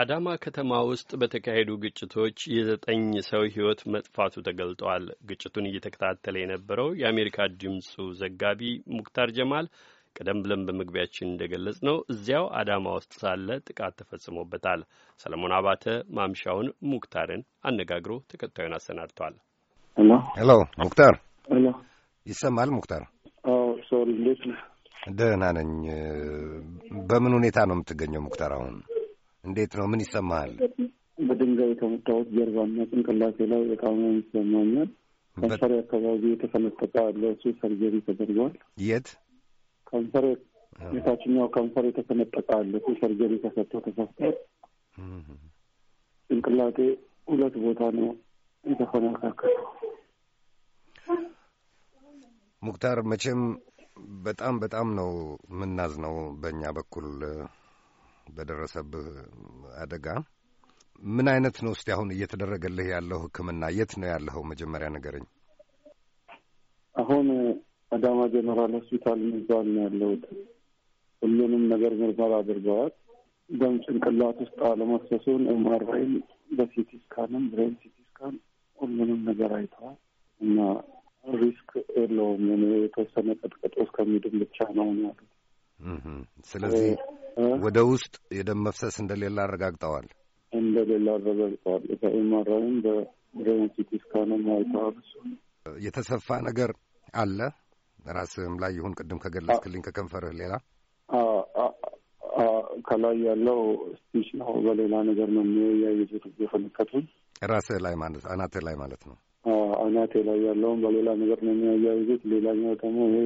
አዳማ ከተማ ውስጥ በተካሄዱ ግጭቶች የዘጠኝ ሰው ሕይወት መጥፋቱ ተገልጧል። ግጭቱን እየተከታተለ የነበረው የአሜሪካ ድምፁ ዘጋቢ ሙክታር ጀማል ቀደም ብለን በመግቢያችን እንደገለጽ ነው እዚያው አዳማ ውስጥ ሳለ ጥቃት ተፈጽሞበታል። ሰለሞን አባተ ማምሻውን ሙክታርን አነጋግሮ ተከታዩን አሰናድቷል። ሄሎ ሙክታር፣ ይሰማል ሙክታር? ደህና ነኝ። በምን ሁኔታ ነው የምትገኘው ሙክታር? አሁን እንዴት ነው? ምን ይሰማሃል? በድንጋይ የተመታሁት ጀርባና ጭንቅላቴ ላይ በጣም ይሰማኛል። ከንፈሬ አካባቢ የተሰነጠቀ አለ። እሱ ሰርጀሪ ተደርጓል። የት ከንፈሬ የታችኛው ከንፈር የተሰነጠቀ አለ። እሱ ሰርጀሪ ተሰጥቶ ተሰፍቷል። ጭንቅላቴ ሁለት ቦታ ነው የተፈነካከተው። ሙክታር መቼም በጣም በጣም ነው የምናዝነው በእኛ በኩል በደረሰብህ አደጋ ምን አይነት ነው እስቲ አሁን እየተደረገልህ ያለው ሕክምና? የት ነው ያለኸው? መጀመሪያ ነገረኝ። አሁን አዳማ ጀነራል ሆስፒታል የሚባል ነው ያለሁት። ሁሉንም ነገር ምርመራ አድርገዋል። ደም ጭንቅላት ውስጥ አለመፍሰሱን ኤምአርአይም፣ በሲቲ ስካንም፣ ብሬን ሲቲ ስካን ሁሉንም ነገር አይተዋል እና ሪስክ የለውም የተወሰነ ቀጥቀጦ እስከሚድን ብቻ ነው ያሉት ስለዚህ ወደ ውስጥ የደም መፍሰስ እንደሌለ አረጋግጠዋል እንደሌለ አረጋግጠዋል። ኤምአርአይም በብሬን ሲቲ ስካንም አይተዋል። የተሰፋ ነገር አለ ራስህም ላይ ይሁን ቅድም ከገለጽክልኝ ከከንፈርህ ሌላ ከላይ ያለው ስፒች ነው። በሌላ ነገር ነው የሚያያይዙት የፈነከቱን ራስህ ላይ ማለት አናቴ ላይ ማለት ነው። አናቴ ላይ ያለውን በሌላ ነገር ነው የሚያያይዙት። ሌላኛው ደግሞ ይሄ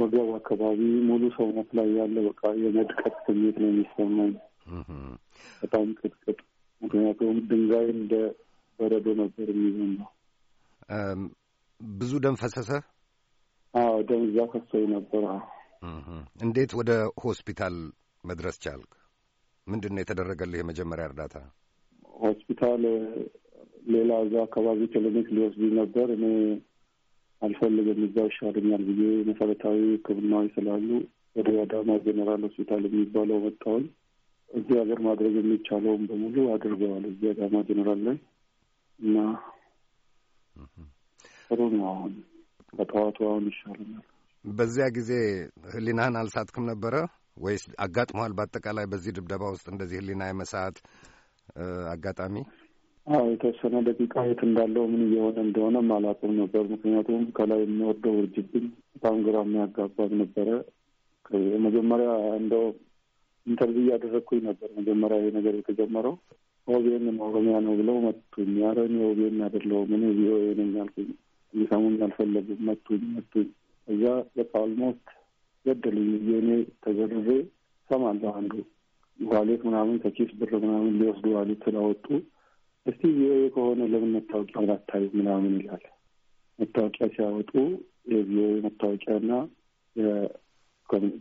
ወገብ አካባቢ ሙሉ ሰውነት ላይ ያለ በቃ የመድቀት ስሜት ነው የሚሰማኝ። በጣም ቅጥቅጥ፣ ምክንያቱም ድንጋይ እንደ በረዶ ነበር ነው። ብዙ ደም ፈሰሰ? አዎ ደም እዛ ፈሰይ ነበር። እንዴት ወደ ሆስፒታል መድረስ ቻልክ? ምንድን ነው የተደረገልህ የመጀመሪያ እርዳታ? ሆስፒታል ሌላ እዛ አካባቢ ክሊኒክ ሊወስዱ ነበር እኔ አልፈልግም እዛው ይሻለኛል ብዬ መሰረታዊ ሕክምናዎች ስላሉ ወደ አዳማ ጀኔራል ሆስፒታል የሚባለው መጣሁኝ። እዚህ ሀገር ማድረግ የሚቻለውን በሙሉ አድርገዋል። እዚህ አዳማ ጀኔራል ላይ እና ጥሩ ነው። አሁን በጠዋቱ አሁን ይሻለኛል። በዚያ ጊዜ ህሊናህን አልሳትክም ነበረ ወይስ አጋጥመዋል? በአጠቃላይ በዚህ ድብደባ ውስጥ እንደዚህ ህሊና የመሳት አጋጣሚ አዎ የተወሰነ ደቂቃ የት እንዳለው ምን እየሆነ እንደሆነ አላውቅም ነበር። ምክንያቱም ከላይ የሚወርደው ውርጅብኝ በጣም ግራ የሚያጋባብ ነበረ። መጀመሪያ እንደው ኢንተርቪው እያደረግኩኝ ነበር። መጀመሪያ ይሄ ነገር የተጀመረው ኦቤን ኦሮሚያ ነው ብለው መቱኝ። ኧረ እኔ ኦቤን አይደለሁም እኔ ቪኦኤ ነኝ አልኩኝ። ሊሰሙኝ አልፈለጉም። መቱኝ መቱኝ። እዛ በቃ ኦልሞስት ገደሉኝ። የእኔ ተዘርሬ ሰማለሁ አንዱ ዋሌት ምናምን ከኪስ ብር ምናምን ሊወስዱ ዋሌት ስላወጡ እስቲ ቪኦኤ ከሆነ ለምን መታወቂያ ላታዩ ምናምን ይላል። መታወቂያ ሲያወጡ የቪኦኤ መታወቂያና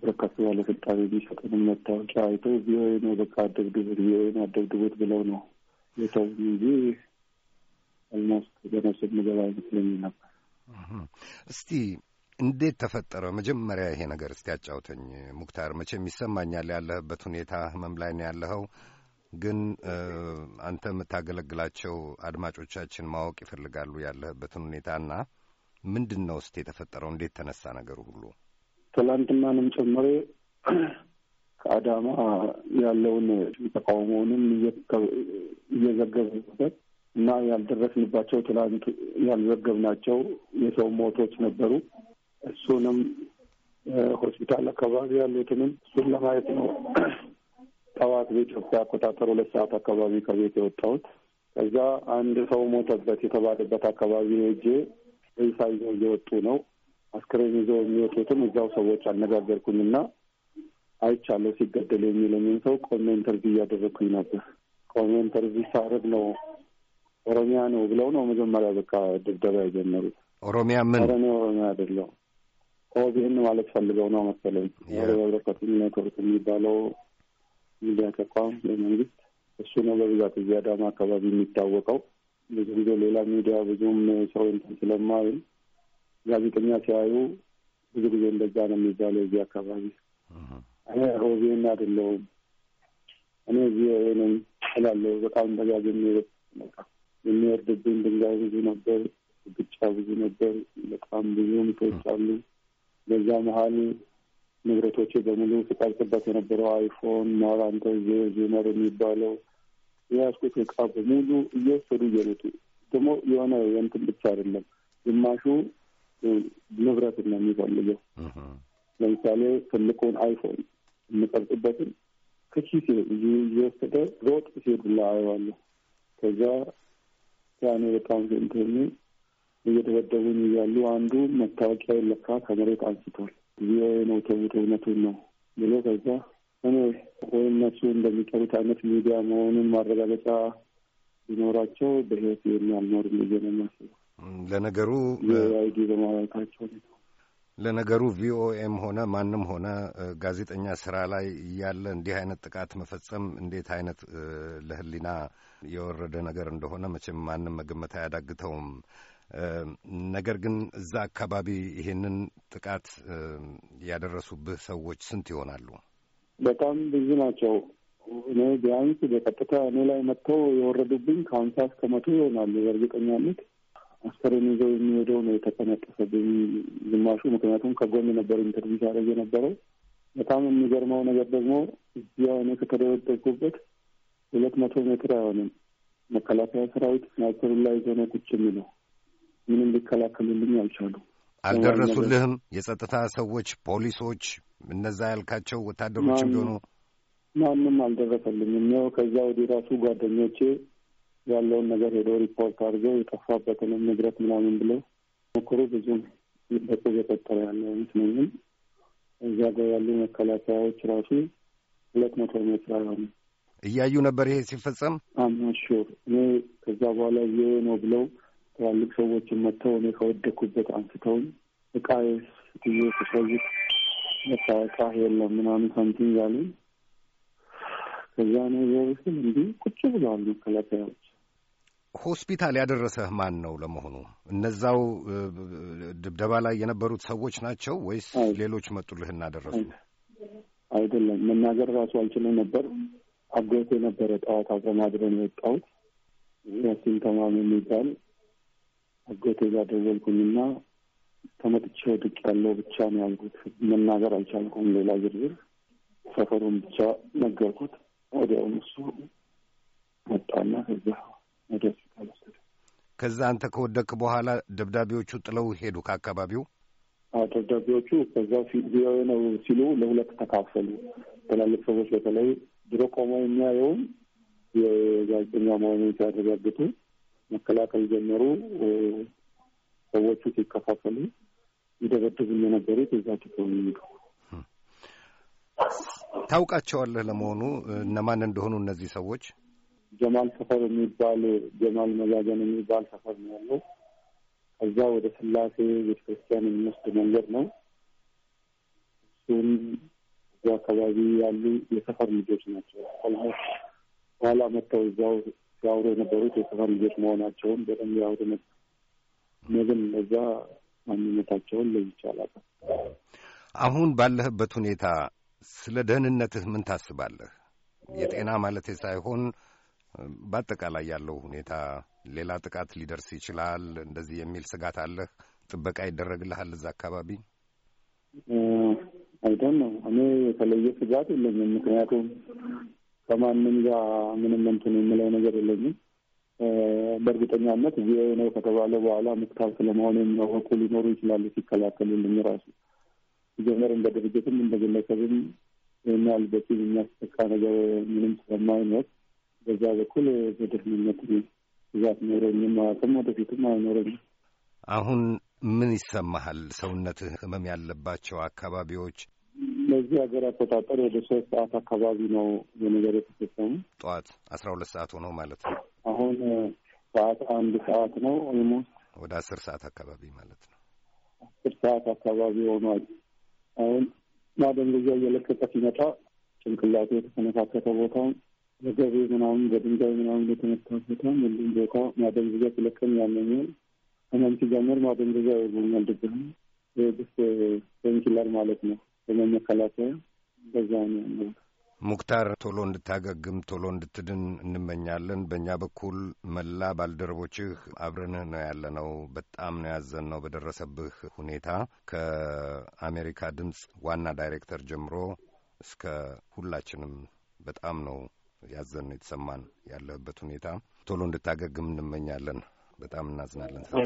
ብረካቱ ባለስልጣን የሚሰጡንም መታወቂያ አይቶ ቪኦኤ ነው በቃ አደግድቡት፣ ቪኦኤ ነው አደግድቡት ብለው ነው የተው እንጂ አልሞስት ለነሱ ምገባ አይመስለኝም ነበር። እስቲ እንዴት ተፈጠረ መጀመሪያ ይሄ ነገር? እስቲ ያጫውተኝ ሙክታር። መቼም ይሰማኛል ያለህበት ሁኔታ ህመም ላይ ነው ያለኸው ግን አንተ የምታገለግላቸው አድማጮቻችን ማወቅ ይፈልጋሉ ያለህበትን ሁኔታና ምንድን ነው እስቲ የተፈጠረው? እንዴት ተነሳ ነገሩ ሁሉ? ትላንትናንም ጨምሬ ከአዳማ ያለውን ተቃውሞውንም እየዘገብንበት እና ያልደረስንባቸው ትላንት ያልዘገብናቸው የሰው ሞቶች ነበሩ። እሱንም ሆስፒታል አካባቢ ያሉትንም እሱን ለማየት ነው ጠዋት በኢትዮጵያ አቆጣጠር ሁለት ሰዓት አካባቢ ከቤት የወጣሁት እዛ አንድ ሰው ሞተበት የተባለበት አካባቢ ነው። እጄ ሬሳ ይዘው እየወጡ ነው። አስክሬን ይዘው የሚወጡትም እዛው ሰዎች አነጋገርኩኝና አይቻለሁ ሲገደል የሚለኝን ሰው ቆሜ ኢንተርቪው እያደረግኩኝ ነበር። ቆሜ ኢንተርቪው ሳደርግ ነው ኦሮሚያ ነው ብለው ነው መጀመሪያ በቃ ድብደባ የጀመሩት። ኦሮሚያ ምን ኦሮሚያ ኦሮሚያ አይደለው ኦቢኤን ማለት ፈልገው ነው መሰለኝ። ህብረተሰብ ኔትወርክ የሚባለው ሚዲያ ተቋም ለመንግስት እሱ ነው በብዛት እዚህ አዳማ አካባቢ የሚታወቀው። ብዙ ጊዜ ሌላ ሚዲያ ብዙም ሰው እንትን ስለማይል ጋዜጠኛ ሲያዩ ብዙ ጊዜ እንደዛ ነው የሚባለው እዚህ አካባቢ። እኔ ሮቤን አይደለሁም እኔ እዚህ ወይም እላለሁ። በጣም በጋዝ የሚወጥ የሚወርድብኝ ድንጋይ ብዙ ነበር፣ ግጫ ብዙ ነበር። በጣም ብዙ ምቶች አሉ። በዛ መሀል ንብረቶች በሙሉ ስቃልቅበት የነበረው አይፎን ማራንተ ዜመር የሚባለው የያዝኩት እቃ በሙሉ እየወሰዱ እየሮጡ ደግሞ የሆነ የንትን ብቻ አይደለም፣ ግማሹ ንብረት ነው የሚፈልገው። ለምሳሌ ትልቁን አይፎን የምቀርጽበትን ከኪሴ እየወሰደ ሮጥ ላ አየዋለሁ። ከዛ ያኔ በጣም እንትን እየደበደቡኝ እያሉ አንዱ መታወቂያ ለካ ከመሬት አንስቷል ቪኦኤ ነው ተዉት፣ እውነቱን ነው ብሎ ከዛ እኔ ወይ እነሱ እንደሚጠሩት አይነት ሚዲያ መሆኑን ማረጋገጫ ቢኖራቸው በህይወት ይህን አልኖርም ነው የማስበው። ለነገሩ አይዲ በማለታቸው ለነገሩ ቪኦኤም ሆነ ማንም ሆነ ጋዜጠኛ ስራ ላይ እያለ እንዲህ አይነት ጥቃት መፈጸም እንዴት አይነት ለህሊና የወረደ ነገር እንደሆነ መቼም ማንም መገመት አያዳግተውም። ነገር ግን እዛ አካባቢ ይሄንን ጥቃት ያደረሱብህ ሰዎች ስንት ይሆናሉ? በጣም ብዙ ናቸው። እኔ ቢያንስ በቀጥታ እኔ ላይ መጥተው የወረዱብኝ ከሀምሳ እስከ መቶ ይሆናሉ። በእርግጠኛነት አስከሬን ይዘው የሚሄደው ነው የተጠነቀሰብኝ ግማሹ። ምክንያቱም ከጎን ነበር ኢንተርቪው ሲያደርግ የነበረው። በጣም የሚገርመው ነገር ደግሞ እዚያው እኔ ከተደበደብኩበት ሁለት መቶ ሜትር አይሆንም መከላከያ ሰራዊት ስናይፐሩን ላይ ዞነ ቁጭ የሚለው ምንም ሊከላከሉልኝ አልቻሉ። አልደረሱልህም? የጸጥታ ሰዎች፣ ፖሊሶች፣ እነዛ ያልካቸው ወታደሮች ቢሆኑ ማንም አልደረሰልኝም። ያው ከዛ ወዲህ ራሱ ጓደኞቼ ያለውን ነገር ሄደው ሪፖርት አድርገው የጠፋበትንም ንብረት ምናምን ብለው ሞክሩ። ብዙም በቁ የፈጠረ ያለ ምስለኝም እዚያ ጋር ያሉ መከላከያዎች ራሱ ሁለት መቶ ሜትር አይሆንም እያዩ ነበር ይሄ ሲፈጸም። አምናሹር እኔ ከዛ በኋላ እየ ነው ብለው ትላልቅ ሰዎችን መጥተው እኔ ከወደኩበት አንስተውኝ እቃዬ ጊዜ ስሸይት እቃ የለም ምናምን ሳምቲንግ ያሉ ከዚያ ነው ዘብስል እንዲህ ቁጭ ብለዋል መከላከያዎች። ሆስፒታል ያደረሰህ ማን ነው ለመሆኑ? እነዛው ድብደባ ላይ የነበሩት ሰዎች ናቸው ወይስ ሌሎች መጡልህ እናደረሱ? አይደለም መናገር ራሱ አልችልም ነበር። አጎቴ ነበረ ጠዋት አብረን አድረን የወጣሁት ያሲን ተማም የሚባል አጎቴ ጋር ደወልኩኝና ተመጥቼ ወድቅ ያለው ብቻ ነው ያልኩት። መናገር አልቻልኩም፣ ሌላ ዝርዝር ሰፈሩን ብቻ ነገርኩት። ወዲያውም እሱ መጣና ከዛ ወደ ሆስፒታል ወሰደ። ከዛ አንተ ከወደክ በኋላ ደብዳቤዎቹ ጥለው ሄዱ ከአካባቢው። ደብዳቤዎቹ ከዛ ቪኦኤ ነው ሲሉ ለሁለት ተካፈሉ። ትላልቅ ሰዎች በተለይ ድሮ ቆመው የሚያየውን የጋዜጠኛ መሆኑ ሲያረጋግጡ መከላከል ጀመሩ። ሰዎቹ ሲከፋፈሉ ይደበድቡ የነበሩት እዛ ትቶ ታውቃቸዋለህ? ለመሆኑ እነማን እንደሆኑ እነዚህ ሰዎች? ጀማል ሰፈር የሚባል ጀማል መዛዘን የሚባል ሰፈር ነው ያለው። ከዛ ወደ ስላሴ ቤተክርስቲያን የሚወስድ መንገድ ነው። እሱም እዛ አካባቢ ያሉ የሰፈር ልጆች ናቸው። ኋላ መጥተው እዛው ያወሩ የነበሩት የሰፈር ልጆች መሆናቸውን በደንብ ያወሩ ነበር። እዛ ማንነታቸውን ይቻላል። አሁን ባለህበት ሁኔታ ስለ ደህንነትህ ምን ታስባለህ? የጤና ማለቴ ሳይሆን በአጠቃላይ ያለው ሁኔታ ሌላ ጥቃት ሊደርስ ይችላል እንደዚህ የሚል ስጋት አለህ? ጥበቃ ይደረግልሃል እዛ አካባቢ? አይደን ነው እኔ የተለየ ስጋት የለኝም። ምክንያቱም ከማንም ጋር ምንም እንትን የምለው ነገር የለኝም። በእርግጠኛነት ቪኦኤ ነው ከተባለ በኋላ ምትካል ስለመሆኑ የሚያወቁ ሊኖሩ ይችላሉ ሲከላከሉልኝ ራሱ ጀመር እንደ ድርጅትም እንደ ግለሰብም የሚያል በቂ የሚያስጠቃ ነገር ምንም ስለማይኖር በዛ በኩል በደህንነት ብዛት ኖረኝም አያውቅም፣ ወደፊትም አይኖረኝም። አሁን ምን ይሰማሃል? ሰውነትህ ህመም ያለባቸው አካባቢዎች እነዚህ ሀገር አቆጣጠር ወደ ሶስት ሰዓት አካባቢ ነው የነገር የተፈጸሙ። ጠዋት አስራ ሁለት ሰዓት ሆኖ ማለት ነው። አሁን ሰዓት አንድ ሰዓት ነው። ኦልሞስት ወደ አስር ሰዓት አካባቢ ማለት ነው። አስር ሰዓት አካባቢ ሆኗል። አሁን ማደንዘዣ እየለቀቀ ሲመጣ ጭንቅላቱ የተሰነካከተ ቦታ በገቢ ምናምን በድንጋይ ምናምን የተመታ ቦታ ሁሉም ቦታ ማደንዘዣ ሲለቀም ያመኛል። ህመም ሲጀምር ማደንዘዣ ይሉኛል። ድብህ ስ ፔንኪለር ማለት ነው ደግሞ በዛ ነው ያለው። ሙክታር ቶሎ እንድታገግም ቶሎ እንድትድን እንመኛለን። በእኛ በኩል መላ ባልደረቦችህ አብረንህ ነው ያለ ነው። በጣም ነው ያዘን ነው በደረሰብህ ሁኔታ ከአሜሪካ ድምፅ ዋና ዳይሬክተር ጀምሮ እስከ ሁላችንም በጣም ነው ያዘን ነው የተሰማን ያለህበት ሁኔታ። ቶሎ እንድታገግም እንመኛለን። በጣም እናዝናለን ስለ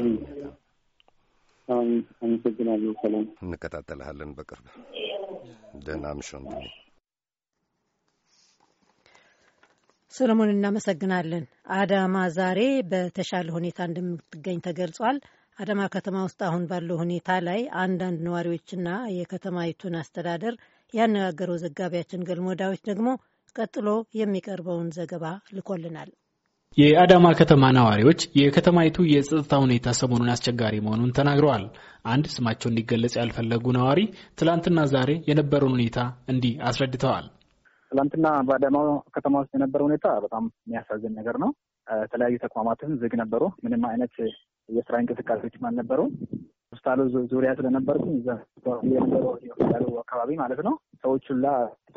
አመሰግናለሁ። ሰላም። እንከታተልሃለን በቅርብ ደህና ምሽን። ሰለሞን እናመሰግናለን። አዳማ ዛሬ በተሻለ ሁኔታ እንደምትገኝ ተገልጿል። አዳማ ከተማ ውስጥ አሁን ባለው ሁኔታ ላይ አንዳንድ ነዋሪዎችና የከተማይቱን አስተዳደር ያነጋገረው ዘጋቢያችን ገልሞ ዳዊት ደግሞ ቀጥሎ የሚቀርበውን ዘገባ ልኮልናል። የአዳማ ከተማ ነዋሪዎች የከተማይቱ የጸጥታ ሁኔታ ሰሞኑን አስቸጋሪ መሆኑን ተናግረዋል። አንድ ስማቸው እንዲገለጽ ያልፈለጉ ነዋሪ ትላንትና ዛሬ የነበረውን ሁኔታ እንዲህ አስረድተዋል። ትላንትና በአዳማ ከተማ ውስጥ የነበረው ሁኔታ በጣም የሚያሳዝን ነገር ነው። የተለያዩ ተቋማትም ዝግ ነበሩ። ምንም አይነት የስራ እንቅስቃሴዎችም አልነበሩ። ሆስፒታሉ ዙሪያ ስለነበርኩኝ እዛ የነበረ አካባቢ ማለት ነው ሰዎች ሁላ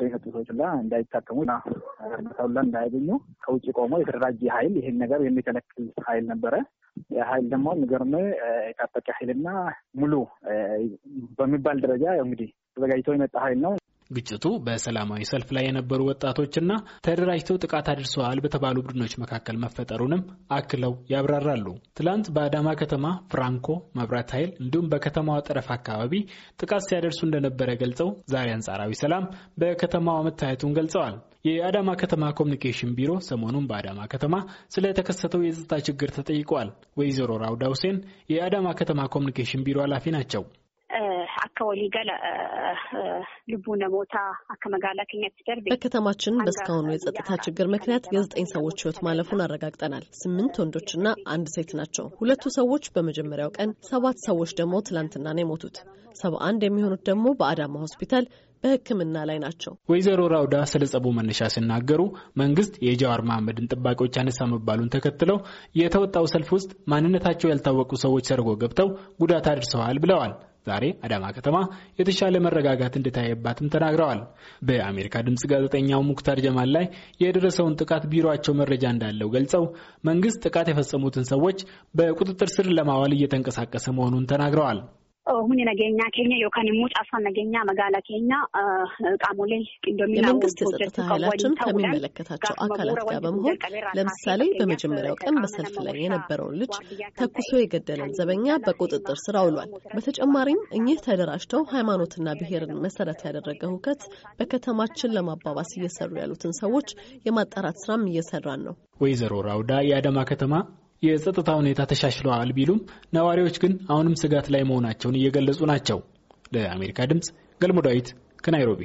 የመጡ ሰዎች ሁላ እንዳይታከሙ እና ሁላ እንዳያገኙ ከውጭ ቆሞ የተደራጀ ኃይል ይህን ነገር የሚከለክል ኃይል ነበረ። ኃይል ደግሞ ንገርም የታጠቀ ኃይልና ሙሉ በሚባል ደረጃ እንግዲህ ተዘጋጅቶ የመጣ ኃይል ነው። ግጭቱ በሰላማዊ ሰልፍ ላይ የነበሩ ወጣቶችና ተደራጅተው ጥቃት አድርሰዋል በተባሉ ቡድኖች መካከል መፈጠሩንም አክለው ያብራራሉ። ትላንት በአዳማ ከተማ ፍራንኮ መብራት ኃይል እንዲሁም በከተማዋ ጠረፍ አካባቢ ጥቃት ሲያደርሱ እንደነበረ ገልጸው ዛሬ አንጻራዊ ሰላም በከተማዋ መታየቱን ገልጸዋል። የአዳማ ከተማ ኮሚኒኬሽን ቢሮ ሰሞኑን በአዳማ ከተማ ስለተከሰተው የጸጥታ ችግር ተጠይቋል። ወይዘሮ ራውዳ ሁሴን የአዳማ ከተማ ኮሚኒኬሽን ቢሮ ኃላፊ ናቸው። akka ገለ ልቡነ ልቡ ነሞታ akka በከተማችን በእስካሁኑ የጸጥታ ችግር ምክንያት የዘጠኝ ሰዎች ህይወት ማለፉን አረጋግጠናል። ስምንት ወንዶችና አንድ ሴት ናቸው። ሁለቱ ሰዎች በመጀመሪያው ቀን፣ ሰባት ሰዎች ደግሞ ትላንትና ነው የሞቱት። ሰባ አንድ የሚሆኑት ደግሞ በአዳማ ሆስፒታል በሕክምና ላይ ናቸው። ወይዘሮ ራውዳ ስለ ጸቡ መነሻ ሲናገሩ መንግስት የጃዋር መሐመድን ጥባቂዎች አነሳ መባሉን ተከትለው የተወጣው ሰልፍ ውስጥ ማንነታቸው ያልታወቁ ሰዎች ሰርጎ ገብተው ጉዳት አድርሰዋል ብለዋል። ዛሬ አዳማ ከተማ የተሻለ መረጋጋት እንደታየባትም ተናግረዋል። በአሜሪካ ድምፅ ጋዜጠኛው ሙክታር ጀማል ላይ የደረሰውን ጥቃት ቢሮቸው መረጃ እንዳለው ገልጸው መንግስት ጥቃት የፈጸሙትን ሰዎች በቁጥጥር ስር ለማዋል እየተንቀሳቀሰ መሆኑን ተናግረዋል። ሁን ነገኛ ኬኛ ዮካን ሙ ጫፋን ነገኛ መጋላ ኬኛ ቃሞሌ የመንግስት የጸጥታ ኃይላችን ከሚመለከታቸው አካላት ጋር በመሆን ለምሳሌ በመጀመሪያው ቀን በሰልፍ ላይ የነበረውን ልጅ ተኩሶ የገደለን ዘበኛ በቁጥጥር ስር አውሏል። በተጨማሪም እኚህ ተደራጅተው ሃይማኖትና ብሔርን መሰረት ያደረገ ሁከት በከተማችን ለማባባስ እየሰሩ ያሉትን ሰዎች የማጣራት ስራም እየሰራን ነው። ወይዘሮ ራውዳ የአዳማ ከተማ የጸጥታ ሁኔታ ተሻሽለዋል ቢሉም ነዋሪዎች ግን አሁንም ስጋት ላይ መሆናቸውን እየገለጹ ናቸው። ለአሜሪካ ድምፅ ገልሞ ዳዊት ከናይሮቢ